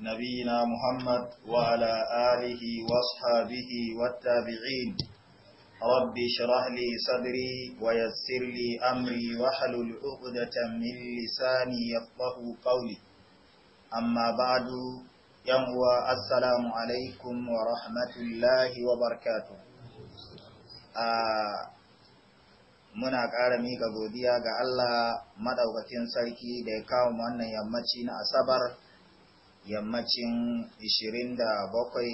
نبينا محمد وعلى آله واصحابه والتابعين رب شرح لي صدري ويسر لي أمري وحلل عقدة من لساني يفقه قولي أما بعد يموى السلام عليكم ورحمة الله وبركاته آه muna ƙara miƙa godiya ga Allah maɗaukakin sarki da ya kawo wannan yammaci na Asabar yammacin 27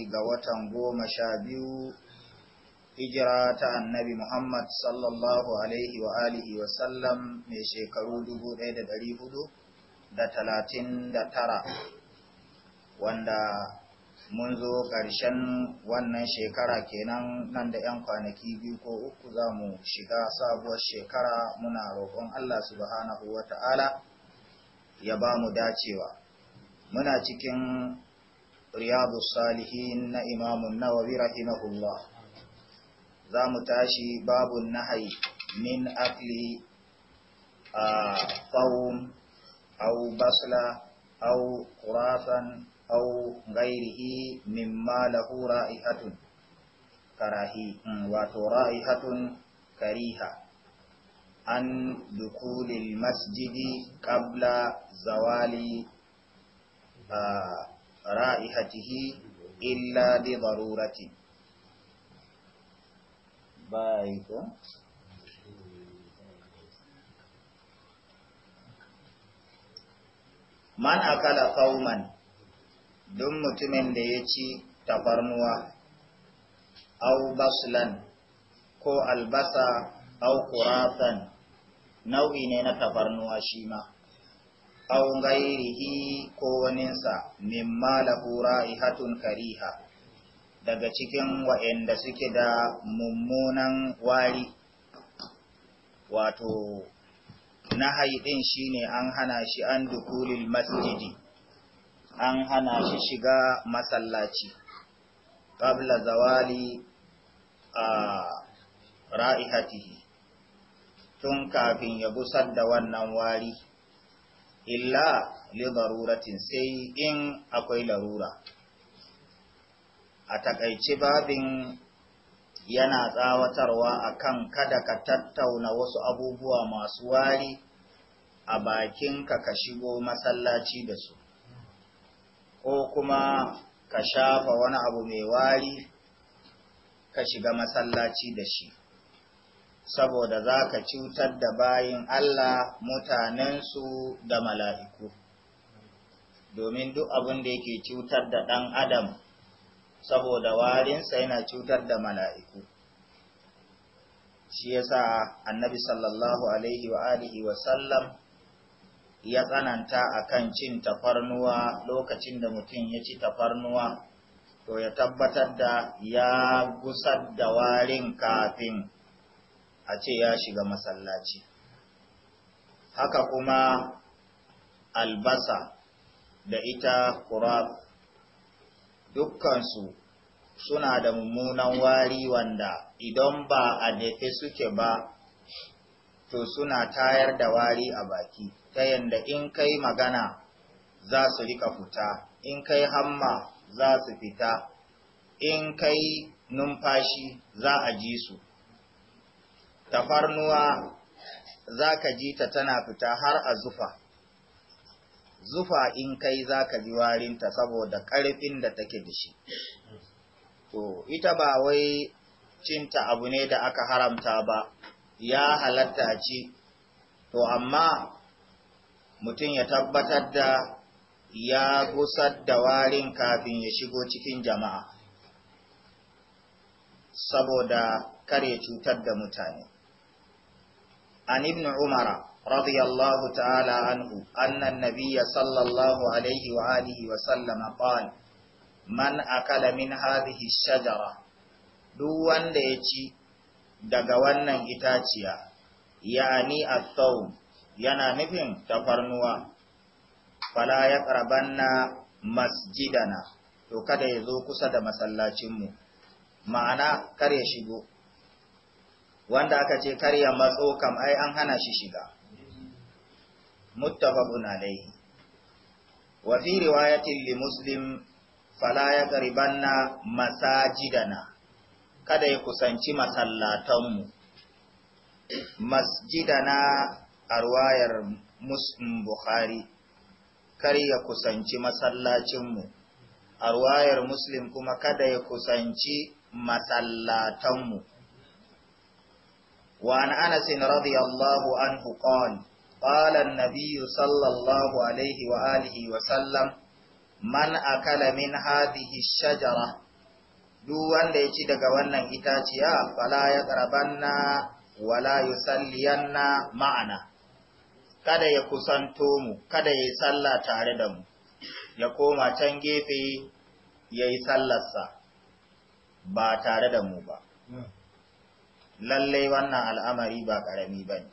ga watan goma sha biyu hijira ta annabi Muhammad sallallahu alaihi wa alihi wa sallam mai shekaru 1439 wanda mun zo ƙarshen wannan shekara kenan nan da 'yan kwanaki biyu ko uku za mu shiga sabuwar shekara muna roƙon Allah subhanahu wa ta'ala ya ba mu dacewa. muna cikin riyadu salihin na imamun nawawi rahimahullah za mu tashi babun nahai min akli a ƙaun au basla au kurasan au gairihi min malahu ra'ihatun karahi mm, wato ra'ihatun kariha an dukulil masjidi ƙabla zawali ra'ihatihi illa li darurati bai ko man akala don mutumin da ya ci tafarnuwa au baslan ko albasa au kuratan nau'i ne na tafarnuwa shi ma أو غيره كونسا مما له رائحة ra'ihatun daga cikin wa'anda suke da mummunan wari wato na haidin shine an hana shi an dukulil masjidi an hana shi shiga masallaci ƙabla zawali a ra'ihatihi tun kafin ya busar da wannan wari illa li daruratin sai in akwai larura a takaice babin yana tsawatarwa akan kada ka tattauna wasu abubuwa masu wari a bakinka ka shigo masallaci da su ko kuma ka shafa wani abu mai wari ka shiga masallaci da shi saboda za ka cutar da bayin Allah mutanensu da mala'iku. Domin duk abin da yake cutar da ɗan Adam, saboda warinsa yana cutar da mala'iku. Shi ya sa annabi sallallahu Alaihi wa alihi ya tsananta a kan cin tafarnuwa lokacin da mutum ya ci tafarnuwa, to ya tabbatar da ya gusar da warin kafin. a ce ya shiga masallaci haka kuma albasa da ita kurab dukkansu suna da mummunan wari wanda idan ba a dafe suke ba to suna tayar da wari a baki ta yadda in kai magana za su rika fita in kai hamma za su fita in kai numfashi za a ji su tafarnuwa za ka ji ta tana fita har a zufa zufa in kai za ka ji warinta saboda ƙarfin da take da shi to ita ba wai cinta abu ne da aka haramta ba ya halatta ci to amma mutum ya tabbatar da ya gusar da warin kafin ya shigo cikin jama'a saboda kare cutar da mutane عن ابن عمر رضي الله تعالى عنه أن النبي صلى الله عليه وآله وسلم قال من أكل من هذه الشجرة دوان ديتي دقوانا إتاتيا يعني الثوم yana nufin tafarnuwa fala ya ƙarabanna masjidana to kada ya zo kusa da masallacinmu ma'ana kar ya shigo wanda aka ce karya matso kam ai an hana shi shiga muttafaqun alayhi wa fi riwayatin li muslim fala ya qaribanna masajidana kada ya kusanci masallatanmu masjidana a ruwayar muslim bukhari kar ya kusanci masallacinmu a ruwayar muslim kuma kada ya kusanci masallatanmu وعن أنس رضي الله عنه قال قال النبي صلى الله عليه وآله وسلم من أكل من هذه الشجرة duk wanda ya ci daga wannan itaciya fala ya karabanna wala yusalliyanna ma'ana kada ya kusanto mu kada ya yi sallah tare da mu ya koma can gefe ya yi sallarsa ba tare da mu ba lallai wannan al'amari ba ƙarami ba ne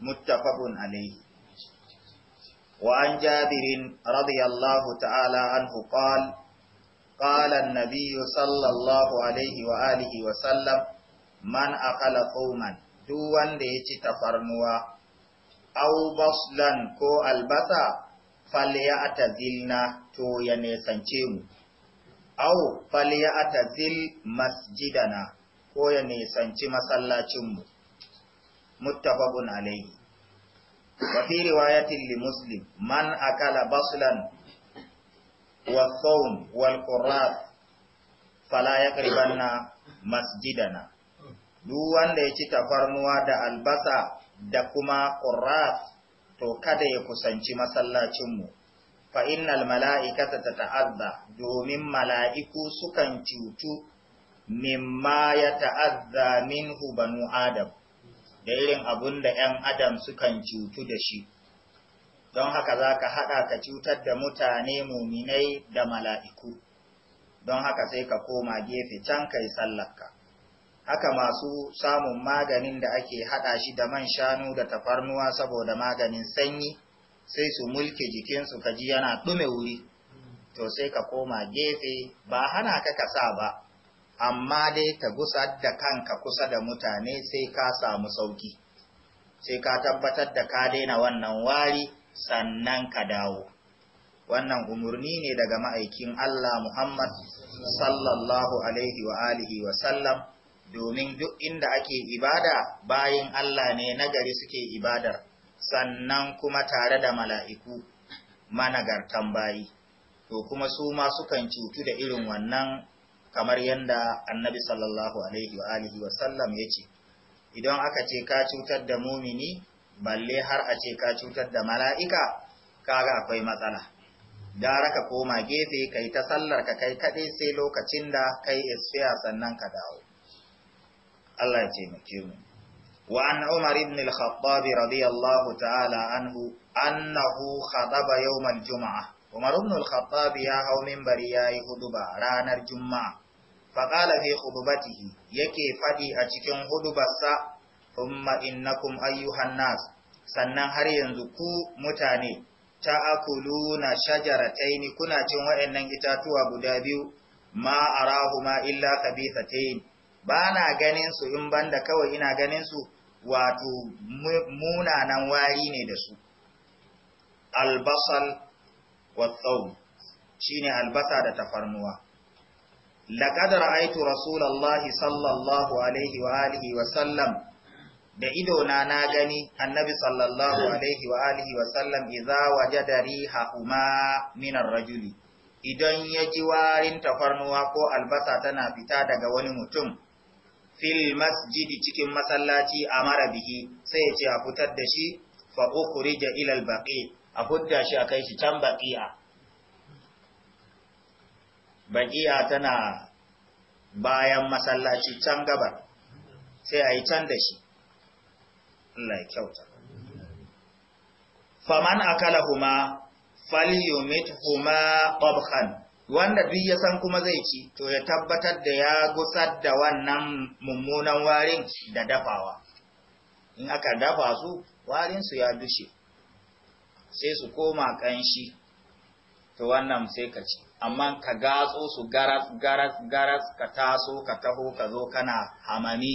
muttafaqun alayhi wa an jabirin radiyallahu ta'ala anhu qala qala an sallallahu alayhi wa wa sallam man aqala qauman du wanda ya ci tafarnuwa aw baslan ko albasa falya atazilna to ya nesance mu aw falya atazil masjidana ko ya nisanci masallacinmu muttafaqun alayhi wa fi riwayatin li muslim man akala baslan wa thawm wal qurrat fala yaqribanna masjidana duk wanda ya ci tafarnuwa da albasa da kuma qurrat to kada ya kusanci masallacinmu fa innal mala'ikata tata'azza domin mala'iku sukan cutu mimma ya ta'azza minhu banu Adam, da irin abun da ‘yan Adam sukan cutu da shi, don haka za ka haɗa ka cutar da mutane muminai da mala'iku, don haka sai ka koma gefe can kai sallarka. Haka masu samun maganin da ake haɗa shi da man shanu da tafarnuwa saboda maganin sanyi, sai su mulke jikinsu ka ji yana ɗume wuri, to sai ka koma gefe ba hana ka sa ba. amma dai ta gusar da kanka kusa da mutane sai ka samu sauki sai ka tabbatar da ka daina wannan wari sannan ka dawo wannan umarni ne daga ma'aikin Allah Muhammad sallallahu alaihi wa alihi wa sallam domin duk inda ake ibada bayan Allah ne nagari suke ibadar sannan kuma tare da mala'iku managartan bayi to kuma su ma sukan cutu da irin wannan kamar yadda annabi sallallahu alaihi wa alihi wa sallam ya ce idan aka ce ka cutar da mumini balle har a ce ka cutar da mala'ika kaga akwai matsala dara ka koma gefe kai ta sallar ka kai kaɗai sai lokacin da kai isfiya sannan ka dawo Allah ya ce muke mu wa an umar ibn al-khattab radiyallahu ta'ala anhu annahu khadaba yawm al-jum'ah umar ibn al-khattab ya hau minbari yayi huduba ranar juma'a faƙala fi hudubatihi yake faɗi a cikin hudubarsa umma innakum ayyuhan nas sannan har yanzu ku mutane ta akuluna shajarataini kuna cin waɗannan itatuwa guda biyu ma arahuma illa ta ba na ganin su in banda kawai ina ganin su wato munanan wari ne da su albasal wa shine albasa da tafarnuwa laqad ra'aytu rasulullahi sallallahu alaihi da ido na na gani annabi sallallahu alaihi wa alihi wa sallam idza wajada min rajuli idan ya ji warin tafarnuwa ko albasa tana fita daga wani mutum fil masjidi cikin masallaci a mara bihi sai ya ce a fitar da shi fa ukhrija ila al-baqi a fudda shi a kai shi can baqi'a baƙiya tana bayan masallaci can gaba sai ayi yi can da shi Allah ya kyauta faman akala huma falyumit huma qabhan wanda duk ya san kuma zai ci to ya tabbatar da ya gusar da wannan mummunan warin da dafawa in aka dafa su warin su ya dushe sai su koma kanshi to wannan sai ka ci amma ka gatso su garas garas garas ka taso ka taho ka zo kana hamami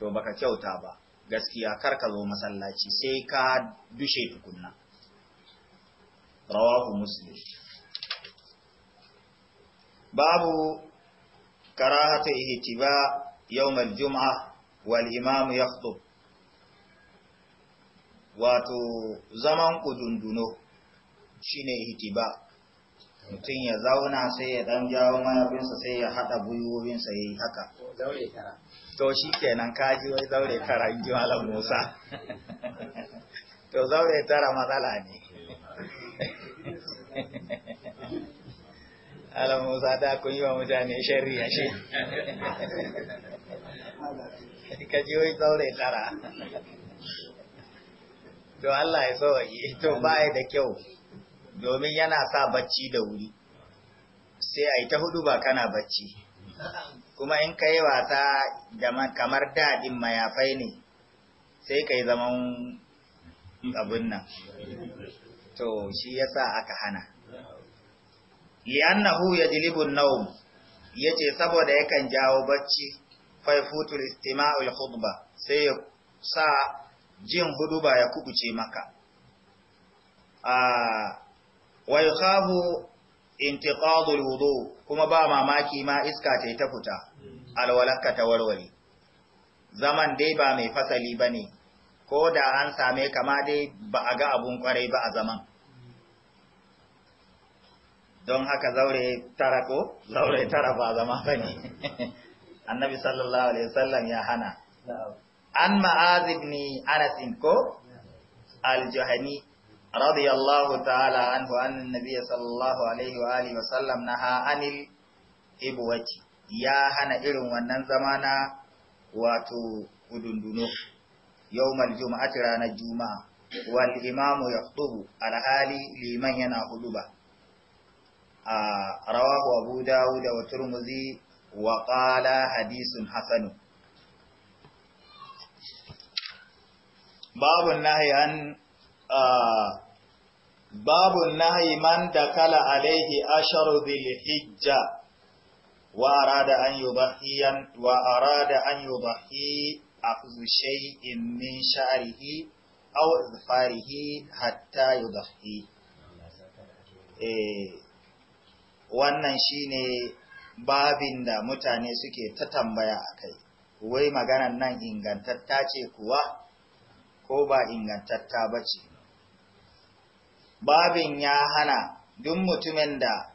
to baka kyauta ba gaskiya kar ka zo masallaci sai ka dushe tukunna rawahu muslim babu karahata ihtiba yawmal jum'a wal imam yakhtub wato zaman kudunduno shine ihtiba mutum ya zauna sai ya dan jawo mayafinsa sai ya haɗa gwiwowinsa ya yi haka to shi kenan kaji wai zaure tara in ji malam musa to zaure tara matsala ne malam musa da kun yi wa mutane a shi Kaji wai zaure tara to Allah ya yi to baya da kyau domin yana sa bacci da wuri sai a yi ta hudu ba kana bacci kuma in ka yi wasa kamar daɗin mayafai ne sai ka yi zaman abin nan to shi ya sa aka hana li'annahu ya jilibin naum ya ce saboda yakan jawo bacci faifutul istima'ul khutba sai ya sa jin hudu ba ya kubuce maka a ah, wa yakhafu intiqadul wudu kuma ba mamaki ma iska ce ta fita alwalaka ta warware zaman dai ba mai fasali bane ko da an same kama dai ba a ga abun kwarai ba a zaman don haka zaure tara ko zaure tara ba zama bane annabi sallallahu alaihi wasallam ya hana an ma'az ibn anas ko al-juhani رضي الله تعالى عنه أن النبي صلى الله عليه وآله وسلم نهى عن الإبوة يا هنا إرم ونن زمانا واتو ودندنو يوم الجمعة رانا الجمعة والإمام يخطب الحالي لمن ينا خطبة آه رواه أبو داود وترمذي وقال حديث حسن باب النهي عن babu النهي من da kala alaihi ذي الحجة wa arada an yubahiyan wa يضحي an شيء من شعره min sha'rihi حتى يضحي hatta wannan shine babin da mutane suke ta tambaya kai, wai maganan nan ingantatta ce kuwa ko ba ingantatta bace babin ya hana duk mutumin da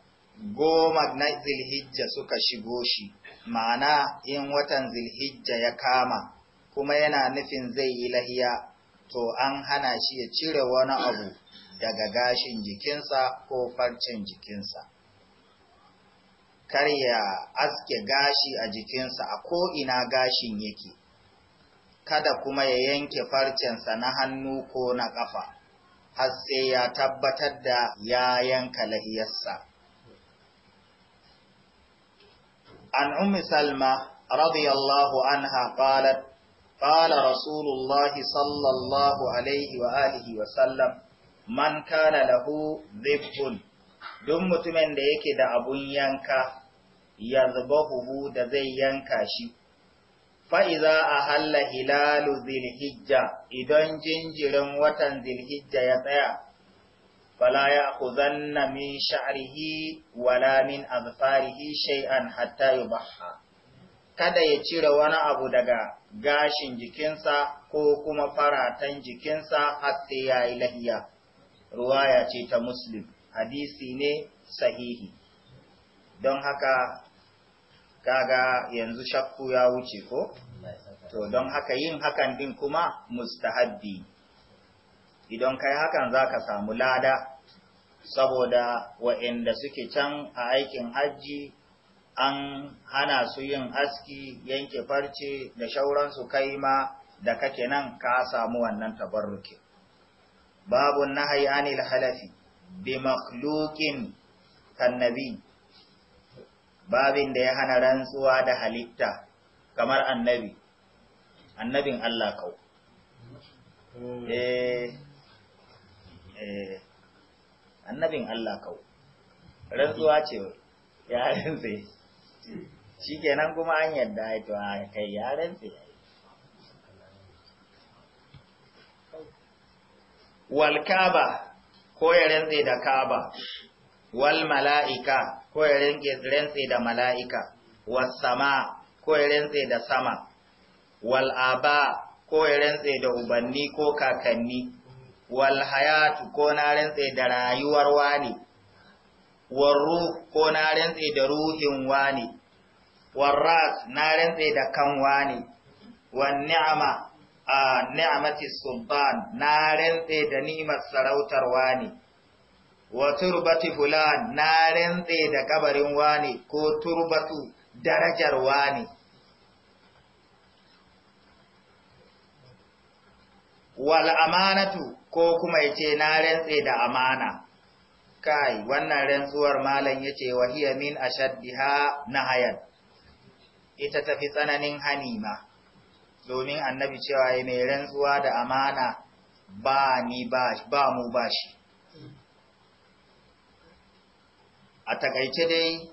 goma na zilhijja suka shigo shi ma'ana in watan zilhijja ya kama kuma yana nufin zai yi lahiya to an hana shi ya cire wani abu daga gashin jikinsa ko farcen jikinsa kar ya aske gashi a jikinsa a ko'ina gashin yake kada kuma ya yanke farcensa na hannu ko na ƙafa har ya tabbatar da ya yanka lahiyarsa. An Ummi Salma radiyallahu anha qalat qala Rasulullahi sallallahu alaihi wa alihi wa sallam man kana lahu dhibbun duk mutumin da yake da abun yanka ya zubahuhu da zai yanka shi fa'iza a halla hilalu zilhijja idan jinjirin watan zilhijja ya tsaya, fala ya kuzanna min sha'rihi wala min azfarihi shay'an hatta yubaha. Kada ya cire wani abu daga gashin jikinsa ko kuma faratan jikinsa har sai ya yi lahiya. Ruwaya ce ta Muslim, hadisi ne sahihi. Don haka kaga yanzu shakku ya wuce ko to don haka yin hakan din kuma mustahabbi idan kai hakan zaka samu lada saboda wa'anda suke can a aikin hajji an hana su yin aski yanke farce da shauransu kai ma da kake nan ka samu wannan tabarruki babu nahayi anil halafi bi makhluqin kan nabi babin da ya hana rantsuwa da halitta kamar annabi annabin Allah kau eh, eh annabin Allah kau rantsuwa ce ya rantse shikenan kuma an yadda ai to kai ya rantse wal kaaba ko ya rantse da kaaba wal mala'ika ko ya rantse da mala'ika wasama ko ya rantse da sama wal'aba ko ya rantse da ubanni ko kakanni walhayatu ko na rantse da rayuwar wani warru ko na rantse da ruhin wani warras na rantse da kan wani wan ni'ama a ni'amati sultan na rantse da ni'imar sarautar wani wa turbati fulan na rantse da kabarin wani ko turbatu darajar wani wal amanatu ko kuma yace na rantse da amana kai wannan rantsuwar malam yace wa hiya min ashaddiha nahayan ita tafi tsananin hanima domin annabi cewa mai rantsuwa da amana ba ni ba mu bashi. a takaice dai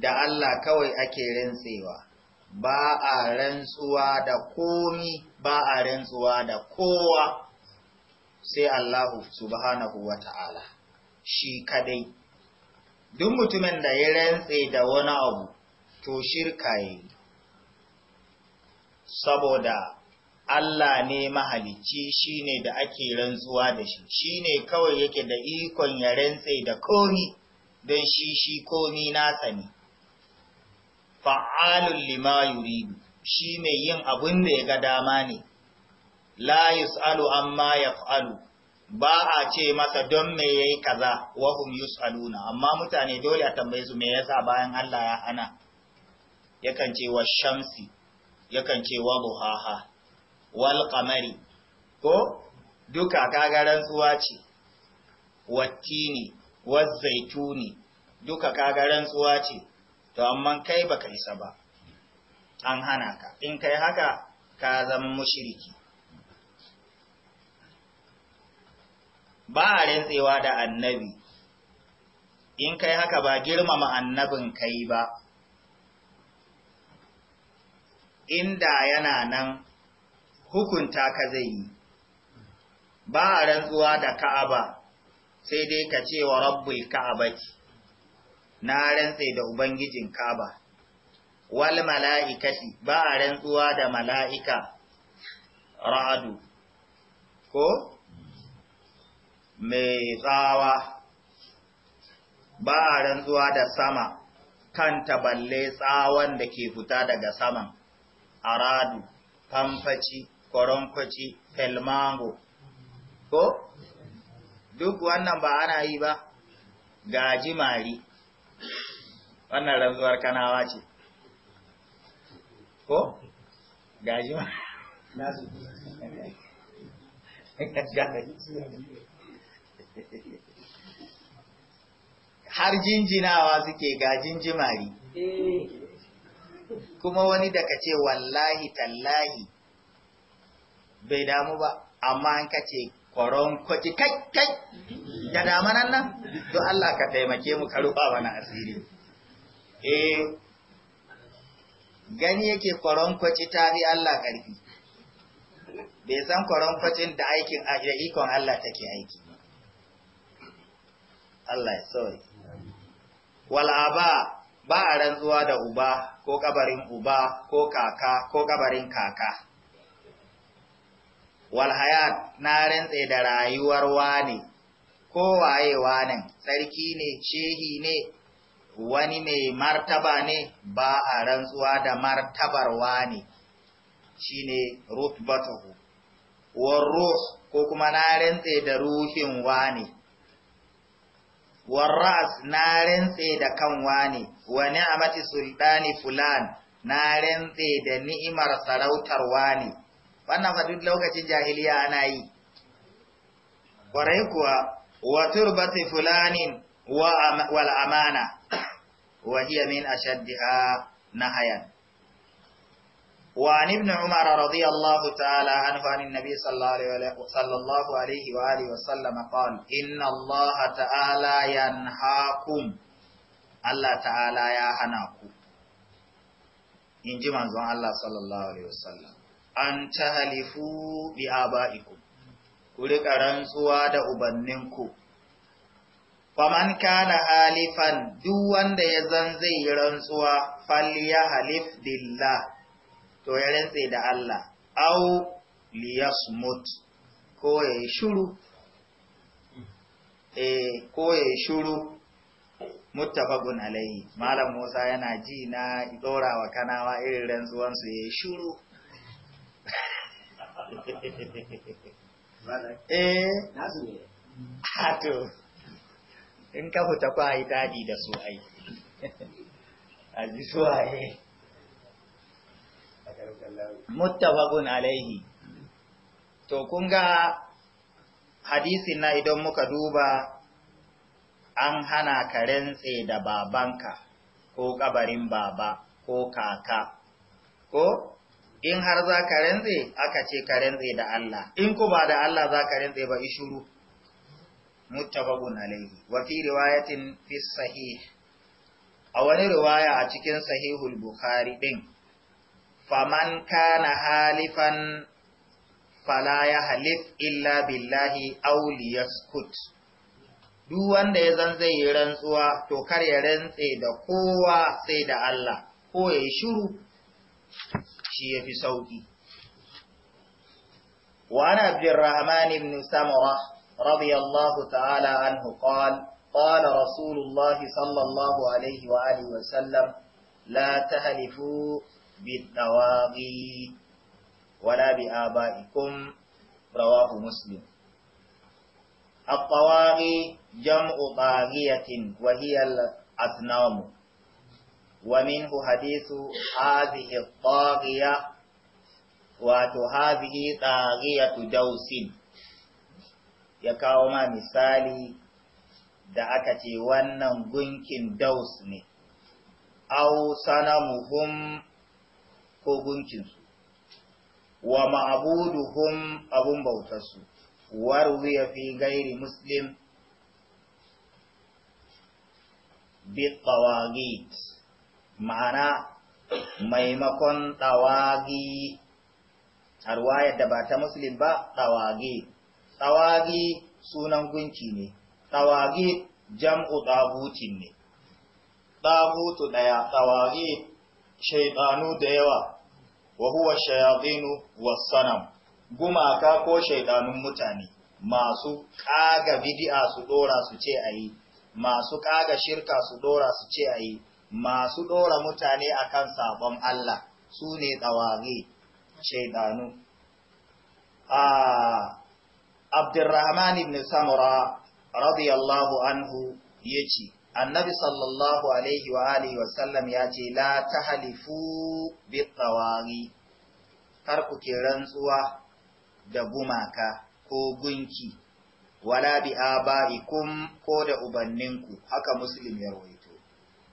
da Allah kawai ake rantsewa ba a rantsuwa da komi ba a rantsuwa da kowa sai Allahu subhanahu wa ta'ala shi kadai duk mutumin da ya rantse da wani abu to shirka yi saboda Allah ne mahalicci shi ne da ake rantsuwa da shi shi ne kawai yake da ikon ya rantse da komi don shi shi komi nasa ne fa'alun lima yuridu shi mai yin abun da ya ga dama ne la yus'alu amma ya yaf'alu ba a ce masa don me yayi kaza wa hum yus'aluna amma mutane dole a tambaye su me yasa bayan Allah ya hana yakan ce wa shamsi yakan ce wa buhaha. wal qamari ko duka kaga rantsuwa ce wattini wa zaituni duka kaga rantsuwa ce to amma kai baka isa ba an hana ka in kai haka ka zama mushriki ba a rantsewa da annabi in kai haka ba girmama annabin kai ba inda yana nan hukunta ka zai yi ba a rantsuwa da ka'aba sai dai ka ce wa rabbul ka'abati na rantse da Ubangijin Kaba, wal mala'ikati ba a rantsuwa da mala'ika ra'adu, ko? Mai tsawa, ba a rantsuwa da sama, kan balle tsawan da ke fita daga saman, aradu, famfaci, kwaronkwaci, felmango, ko? Duk wannan ba ana yi ba, Gaji mari. wannan rantsuwar kanawa ce ko gaji ma har jinjinawa suke gajin jimari kuma wani daga ce wallahi tallahi bai damu ba amma an ce kwaron kwaci kai kai ya damanan nan don Allah ka taimake mu ka wani asiri eh gani yake kwaronkwaci ta fi Allah ƙarfi bai san kwaronkwacin da aikin da ikon Allah take aiki Allah ya wal'aba ba a rantsuwa da uba ko kabarin uba ko kaka ko kabarin kaka walhayat na rantse da rayuwar wane ko waye wanen sarki ne shehi ne wani mai martaba ne ba a rantsuwa da martabar ne shi ne War warruh ko kuma na rantse da ruhin wani warras na rantse da kan wani wa ni'amati sultani fulan na rantse da ni'imar sarautar wani wannan fa duk lokacin jahiliya ana yi kwarai kuwa wa turbati fulanin wal amana wa hiya min ashaddiha nahayan وعن ابن عمر رضي الله تعالى عنه عن النبي صلى الله alaihi وآله وسلم قال إن الله تعالى ينهاكم Allah ta'ala ya hana ku, in ji manzon Allah sallallahu Alaihi wasallam, an ta halifu bi ku riƙa rantsuwa da ubanninku, faman kana halifan duk wanda ya zan zai yi rantsuwa falliya halif dilla, to ya rantse da Allah au liyasmut ko ya yi shuru eh ko ya yi shuru muttafaqun alayhi malam Musa yana ji na dora kanawa irin rantsuwan su ya shuru eh nasu ne in ka fita ku a yi daɗi da su ai a ji su a yi alaihi to kun ga hadisin na idan muka duba an hana ka rantse da babanka ko kabarin baba ko kaka ko in har za ka rantse aka ce ka rantse da Allah in ku ba da Allah za ka rantse ba ishuru muttafaqun alaihi wa fi riwayatin fi sahih a wani riwaya a cikin sahihul bukhari din faman kana halifan fala ya halif illa billahi aw liyaskut duk wanda ya zan zai yi rantsuwa to kar ya rantse da kowa sai da Allah ko ya shiru shi yafi sauki wa ana abdurrahman ibn samurah رضي الله تعالى عنه قال قال رسول الله صلى الله عليه وآله وسلم لا تهلفوا بالتواغي ولا بآبائكم رواه مسلم الطواغي جمع طاغية وهي الأصنام ومنه حديث هذه الطاغية وهذه طاغية دوس ya kawo ma misali da aka ce wannan gunkin daus ne, au muhum ko gunkinsu, wa ma'abuduhum abun bautarsu, warwu ya fi gairi muslim bitawagit ma'ana maimakon tawagi a da ba ta muslim ba tawagit tawagi sunan gunki ne tawagi jam'u ɗabutin ne ɗabutu ɗaya tawagi shaiɗanu da yawa wa huwa shayadinu gumaka ko shaiɗanun mutane masu ƙaga bidi'a su ɗora su ce a masu ƙaga shirka su ɗora su ce a masu ɗora mutane akan sabon Allah su ne tawagi A Abdurrahman ibn Samura radiyallahu anhu yace Annabi sallallahu alaihi wa alihi wa sallam ya ce la tahlifu bi tsawari, kar ku ke rantsuwa da gumaka ko gunki wala bi aba'ikum ko da ubanninku haka musulun ya rawaito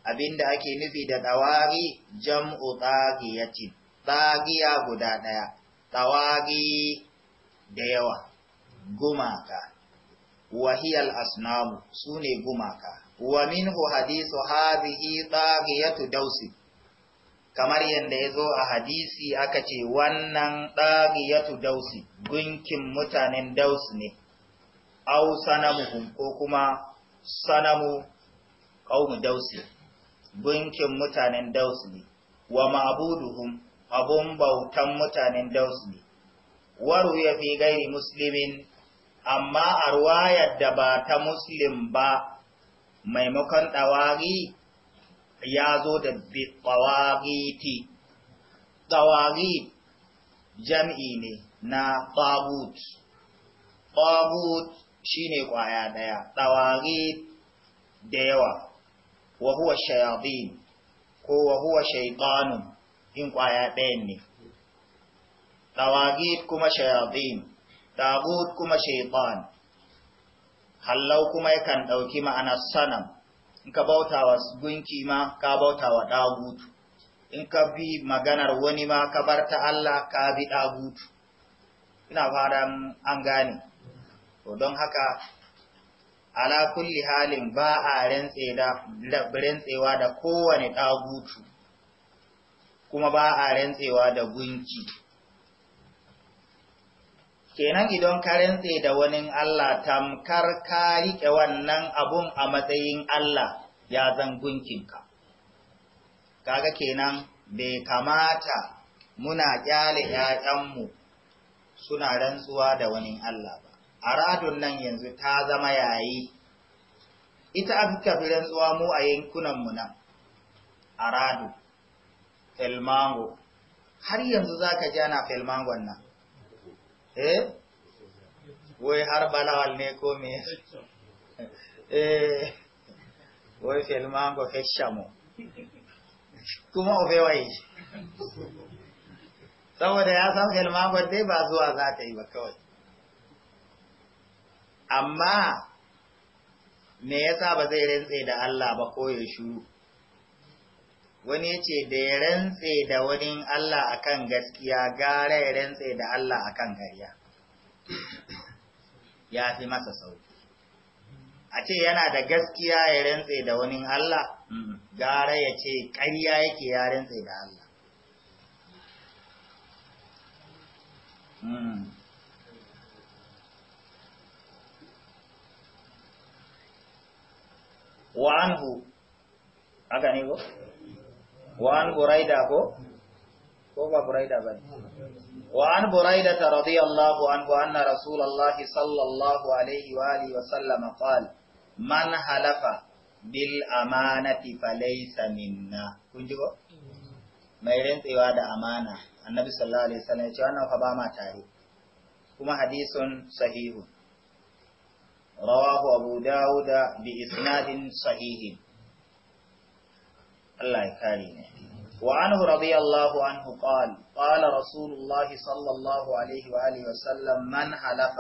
abinda ake nufi da tsawari, jam'u tsagiyatin tsagiya guda ɗaya, tsawari da yawa gumaka wahiyal asnamu su ne gumaka wa minhu hadisu hadhihi dagiyatu dausi kamar yadda ya zo a hadisi aka ce wannan dagiyatu dausi gunkin mutanen daus ne au sanamuhum ko kuma sanamu qaumu dausi gunkin mutanen daus ne wa ma'buduhum abun bautan mutanen daus ne waru ya fi gairi muslimin amma a ruwayar da ba ta muslim ba maimakon ɗawari ya zo da ɗawariti ɗawari jam'i ne na ɗagut ɗagut shi ne ƙwaya ɗaya ɗawari da yawa wahuwa shayabin, ko wahuwa shaitanun in ƙwaya ɗayan ne ɗawari kuma shayadin tagut kuma shaitan hallau kuma yakan ɗauki ma'anar sanam in ka bauta wa gunki ma ka bauta wa ɗagutu in ka bi maganar wani ma ka bar ta Allah ka bi ɗagutu ina fatan an gane to don haka ala kulli halin ba a rantsewa da kowane ɗagutu kuma ba a rantsewa da gunki kenan idan ka rantse da wani Allah tamkar ka riƙe wannan abun a matsayin Allah ya zan gunkinka kaga kenan bai kamata muna kyale ‘ya'yanmu suna rantsuwa da wani Allah ba a nan yanzu ta zama yayi ita aka fi rantsuwa mu a yankunanmu nan a radu filmango har yanzu za ka ji ana filmangon nan eh wai har balawal ne ko me eh wai filmango heshamo kuma ofewayi saboda ya san filmango dai ba zuwa za ta yi ba kawai amma me yasa ba zai rantse da Allah ba ko ya shuru wani ya ce da ya rantse da wani Allah a kan gaskiya gara ya rantse da Allah a kan gariya, ya fi masa sauki a ce yana da gaskiya ya rantse da wani Allah gara ya ce ƙarya yake ya rantse da Allah wa anhu haka ne ko? وعن بريدة أبو هو بريدة بني وعن بريدة رضي الله عنه أن رسول الله صلى الله عليه وآله وسلم قال من حلف بالأمانة فليس منا كنجو ما يرنتي وادا أمانة النبي صلى الله عليه وسلم يقول فباما تاري كما حديث صحيح رواه أبو داود بإسناد صحيح الله يكارينه وعنه رضي الله عنه قال قال رسول الله صلى الله عليه وآله وسلم من حلف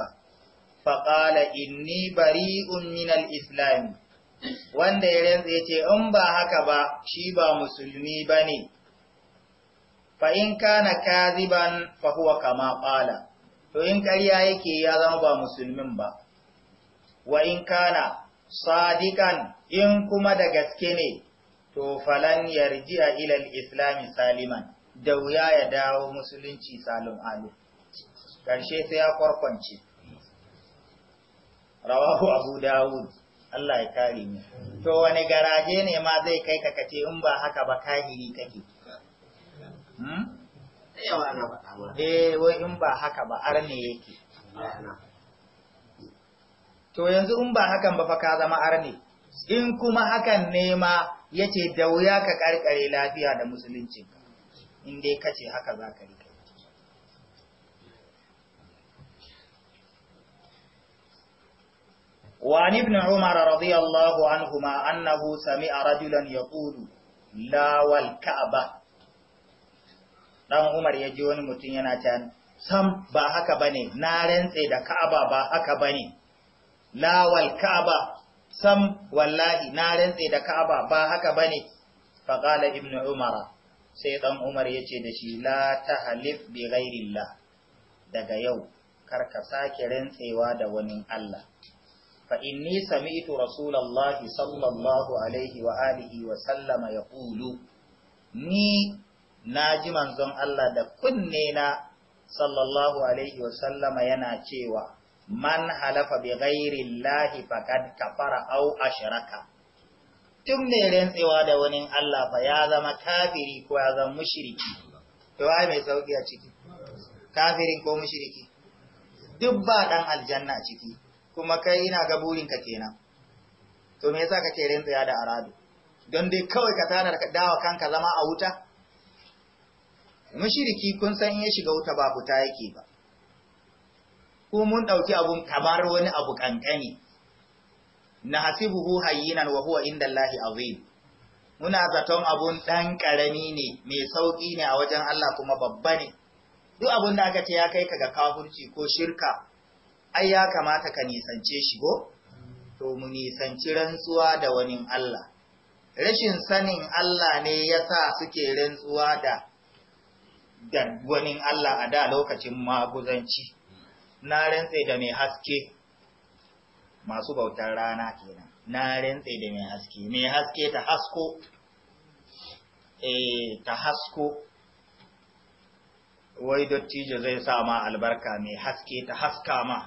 فقال إني بريء من الإسلام wanda ya rantsa ce in ba haka ba shi ba musulmi ba ne fa in kana kaziban fa huwa kama qala to in ƙarya yake ya zama ba musulmin ba wa in kana sadikan in kuma da gaske ne to falan yar'jiya ila al saliman da wuya ya dawo musulunci salim alu karshe sai ya kwarkwance rawahu abu dawud Allah ya kare ni. to wani garaje ne ma zai kai ka kace in ba haka ba kahiri kake hmm eh wai in ba haka ba arne yake to yanzu in ba hakan ba fa ka zama arne in kuma hakan ne ma ya ce da wuya ka karkare lafiya da musulunci inda ya kace haka za ka rika وعن Umar radiyallahu anhu ma عنهما أنه سمع رجلا يقول لا والكعبة dan Umar ya ji wani mutum yana can sam ba haka bane na rantse da Ka'aba ba haka bane lawal Ka'aba sam wallahi na rantse da Ka'aba ba haka bane fa ibnu umara sai dan umar yace da shi la tahlif bi ghairillah daga yau kar ka sake rantsewa da wani Allah fa inni sami'tu rasulullahi sallallahu alaihi wa alihi wa sallama yaqulu ni naji manzon Allah da kunne na sallallahu alaihi wa sallama yana cewa man halafa bi ghairi llahi faqad kafara aw ashraka tun mai rantsewa da wani Allah fa ya zama kafiri ko ya zama mushriki to ai mai sauki a ciki kafirin ko mushriki duk ba dan aljanna a ciki kuma kai ina ga burin ka kenan to me yasa kake rantsaya da aradu don dai kawai ka tanar ka dawa kanka zama a wuta mushriki kun san in ya shiga wuta ba fita yake ba ko mun ɗauki abun kamar wani abu ƙanƙani na hasibuhu hayyinan wa huwa inda Allahi azim muna zaton abun ɗan ƙarami ne mai sauƙi ne a wajen Allah kuma babba ne duk abun da aka ce ya kai ka ga kafurci ko shirka ai ya kamata ka nisance shi ko to mu nisanci rantsuwa da wani Allah rashin sanin Allah ne ya sa suke rantsuwa da da wani Allah a da lokacin maguzanci na rantse da mai haske masu bautar rana kenan na rantse da mai haske mai haske ta hasko eh ta hasko wai dottijo zai sa ma albarka mai haske ta haska ma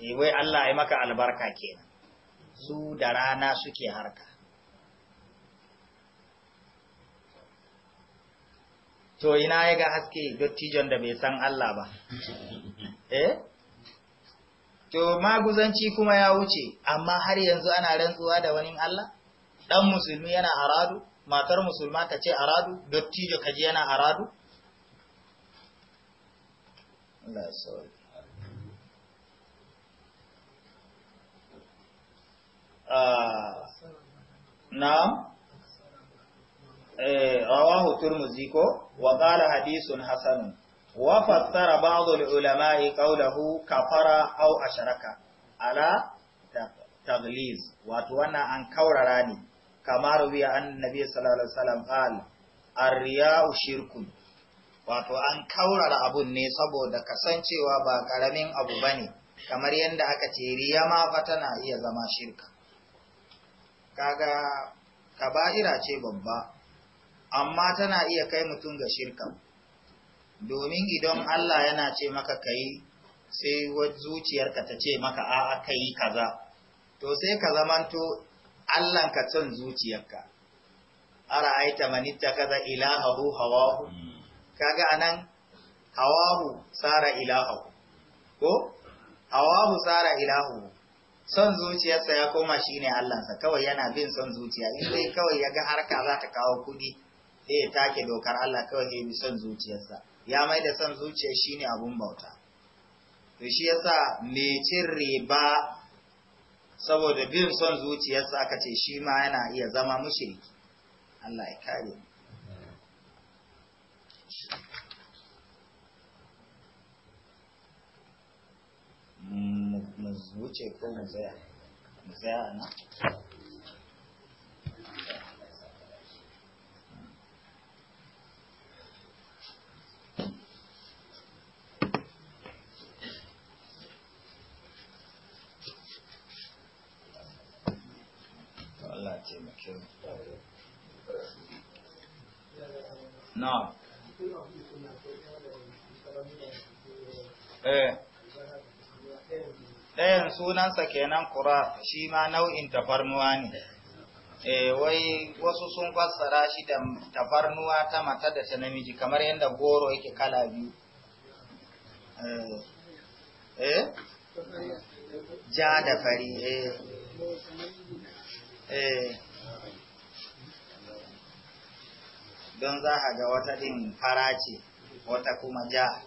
eh wai Allah ya maka albarka kenan su da rana suke harka to ina ya ga haske dottijon da bai san Allah ba eh to maguzanci kuma ya wuce amma har yanzu ana rantsuwa da wani Allah dan musulmi yana aradu matar musulma ta ce aradu dottijo kaji yana aradu Allah sorry uh, ah, Eh, rawahu turmuzi ko wa qala hadisun hasanun wa fassara ba'd ulama'i qawluhu kafara aw asharaka ala tagliz wato wannan an kaurara ne kamar ruwiya annabi sallallahu alaihi wasallam qala ar-riya'u wato an kaurara abun ne saboda kasancewa ba karamin abu bane kamar yadda aka ce riya ma fa tana iya zama shirka kaga kaba'ira ce babba amma tana iya kai mutum ga shirka domin idan Allah yana ce maka kai sai zuciyarka ta ce maka a'a kai kaza to sai ka zamanto Allah ka son zuciyarka ara aita manitta kaza ilahahu hawahu hmm. kaga anan hawahu sara ilahu ko hawahu sara ilahu son zuciyarsa ya koma shine Allahnsa kawai yana bin son zuciya in dai kawai ga harka za ta kawo kudi sai ya take dokar Allah kawai ya bi son zuciyarsa ya mai da son zuciya ne abun bauta to shi yasa mai cin riba saboda bin son zuciyarsa aka ce shi ma yana iya zama mushriki Allah ya kare mu ko mu tsaya mu tsaya na na eh. ɗayan sunansa kenan kura shi ma nau'in tafarnuwa ne eh wai wasu sun fassara shi da tafarnuwa ta mata da ta namiji kamar yadda goro yake kala biyu eh. Eh? ja da fari eh Eh. don za a ga wata ɗin fara ce wata kuma ja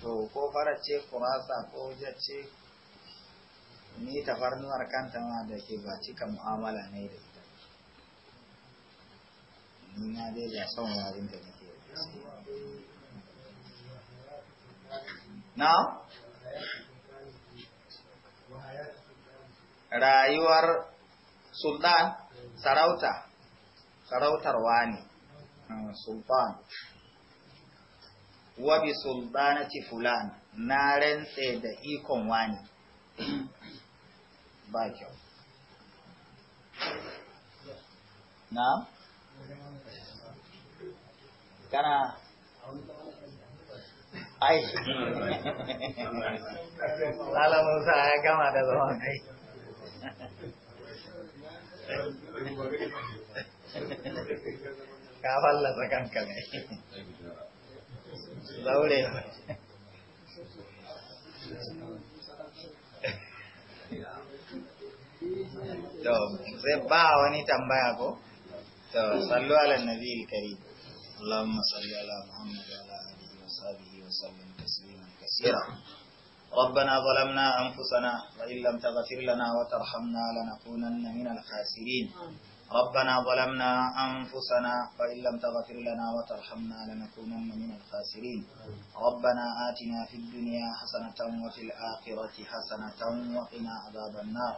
to ko fara ce kurasa ko ja ce ni tafarnuwar kanta ma da ke ba cika mu'amala ne da ita ni na dai ga son warin da nake na rayuwar sultan sarauta sarautarwa ne hmm, sultan wabi sultanati fulan na rantse da ikon wani ba kyau na? kana ai alamun sa ya gama da zaman ai ka fallasa kanka ne zaure to zai ba wani tambaya ko to sallu ala nabi kari اللهم صل على محمد وعلى اله وصحبه وسلم تسليما كثيرا ربنا ظلمنا أنفسنا وإن لم تغفر لنا وترحمنا لنكونن من الخاسرين ربنا ظلمنا أنفسنا وإن لم تغفر لنا وترحمنا لنكونن من الخاسرين ربنا آتنا في الدنيا حسنة وفي الآخرة حسنة وقنا عذاب النار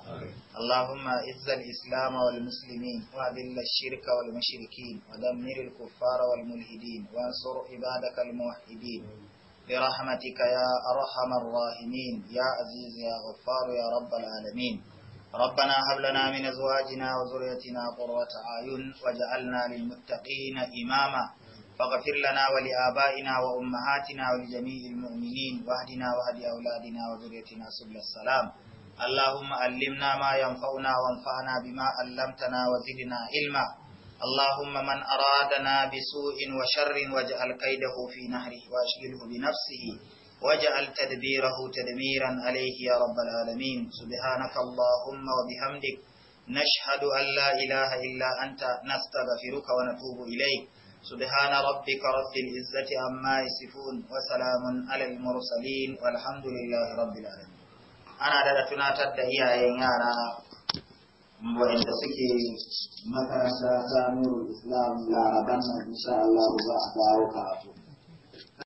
اللهم إذ الإسلام والمسلمين وأذل الشرك والمشركين ودمر الكفار والملحدين وانصر عبادك الموحدين برحمتك يا أرحم الراحمين يا عزيز يا غفار يا رب العالمين ربنا هب لنا من أزواجنا وذريتنا قرة أعين واجعلنا للمتقين إماما فاغفر لنا ولآبائنا وأمهاتنا ولجميع المؤمنين واهدنا واهد أولادنا وذريتنا سبل السلام اللهم علمنا ما ينفعنا وانفعنا بما علمتنا وزدنا علما اللهم من أرادنا بسوء وشر واجعل كيده في نهره وأشغله بنفسه واجعل تدبيره تدميرا عليه يا رب العالمين سبحانك اللهم وبحمدك نشهد أن لا إله إلا أنت نستغفرك ونتوب إليك سبحان ربك رب العزة عما يصفون وسلام على المرسلين والحمد لله رب العالمين أنا دلتنا تدعي يا wa'inda suke makaranta ta nuru islam laraban nan insha Allah za a dawo karatu